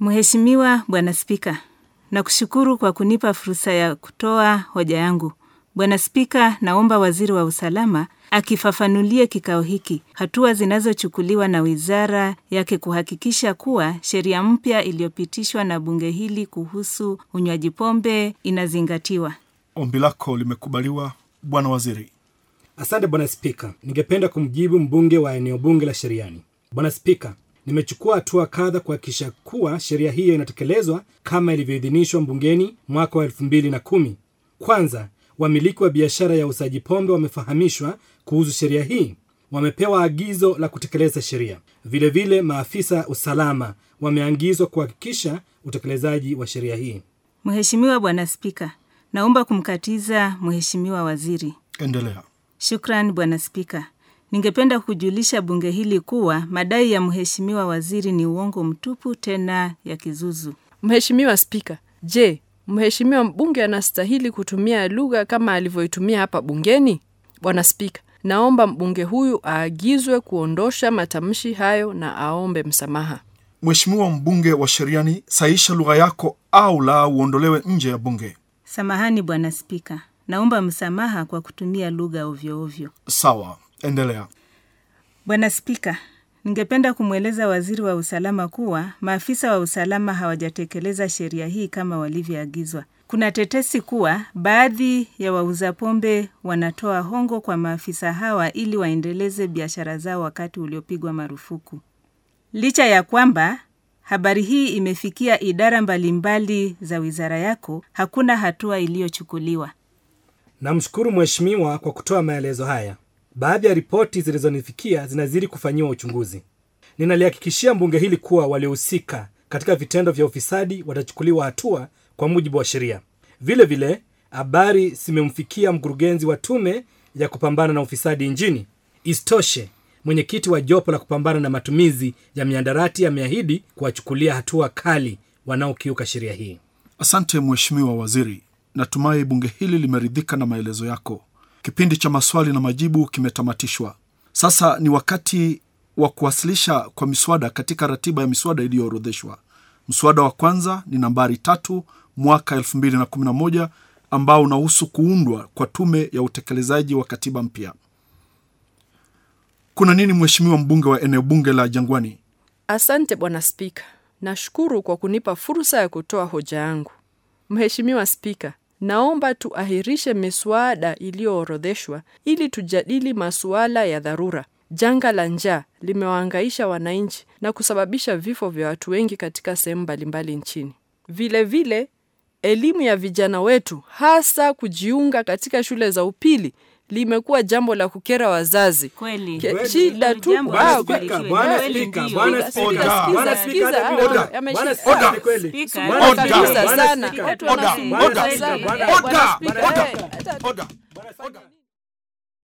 Mheshimiwa Bwana Spika, nakushukuru kwa kunipa fursa ya kutoa hoja yangu. Bwana Spika, naomba waziri wa usalama akifafanulie kikao hiki hatua zinazochukuliwa na wizara yake kuhakikisha kuwa sheria mpya iliyopitishwa na bunge hili kuhusu unywaji pombe inazingatiwa. Ombi lako limekubaliwa, Bwana Waziri. Asante Bwana Spika, ningependa kumjibu mbunge wa eneo bunge la Sheriani. Bwana Spika, Nimechukua hatua kadha kuhakikisha kuwa sheria hiyo inatekelezwa kama ilivyoidhinishwa bungeni mwaka wa elfu mbili na kumi. Kwanza, wamiliki wa biashara ya usaji pombe wamefahamishwa kuhusu sheria hii, wamepewa agizo la kutekeleza sheria. Vilevile, maafisa usalama wameangizwa kuhakikisha utekelezaji wa sheria hii. Mheshimiwa Bwana Spika, naomba kumkatiza Mheshimiwa Waziri. Endelea. Shukran Bwana Spika. Ningependa kujulisha bunge hili kuwa madai ya mheshimiwa waziri ni uongo mtupu tena ya kizuzu. Mheshimiwa Spika, je, mheshimiwa mbunge anastahili kutumia lugha kama alivyoitumia hapa bungeni? Bwana Spika, naomba mbunge huyu aagizwe kuondosha matamshi hayo na aombe msamaha. Mheshimiwa mbunge wa Sheriani, saisha lugha yako au la uondolewe nje ya bunge. Samahani Bwana Spika, naomba msamaha kwa kutumia lugha ovyoovyo. Sawa. Endelea. Bwana Spika, ningependa kumweleza waziri wa usalama kuwa maafisa wa usalama hawajatekeleza sheria hii kama walivyoagizwa. Kuna tetesi kuwa baadhi ya wauza pombe wanatoa hongo kwa maafisa hawa ili waendeleze biashara zao wakati uliopigwa marufuku. Licha ya kwamba habari hii imefikia idara mbalimbali za wizara yako, hakuna hatua iliyochukuliwa. Namshukuru mheshimiwa kwa kutoa maelezo haya. Baadhi ya ripoti zilizonifikia zinazidi kufanyiwa uchunguzi. Ninalihakikishia bunge hili kuwa waliohusika katika vitendo vya ufisadi watachukuliwa hatua kwa mujibu wa sheria. Vile vile, habari zimemfikia mkurugenzi wa tume ya kupambana na ufisadi nchini. Isitoshe, mwenyekiti wa jopo la kupambana na matumizi ya miandarati ameahidi kuwachukulia hatua kali wanaokiuka sheria hii. Asante Mheshimiwa Waziri, natumai bunge hili limeridhika na maelezo yako. Kipindi cha maswali na majibu kimetamatishwa. Sasa ni wakati wa kuwasilisha kwa miswada katika ratiba ya miswada iliyoorodheshwa. Mswada wa kwanza ni nambari tatu mwaka 2011 ambao unahusu kuundwa kwa tume ya utekelezaji wa katiba mpya. Kuna nini, mheshimiwa mbunge wa eneo bunge la Jangwani? Asante bwana Spika, nashukuru kwa kunipa fursa ya kutoa hoja yangu. Mheshimiwa Spika, Naomba tuahirishe miswada iliyoorodheshwa ili tujadili masuala ya dharura. Janga la njaa limewaangaisha wananchi na kusababisha vifo vya watu wengi katika sehemu mbalimbali nchini. Vile vile, elimu ya vijana wetu hasa kujiunga katika shule za upili limekuwa jambo la kukera wazazi. Kweli. Shida tu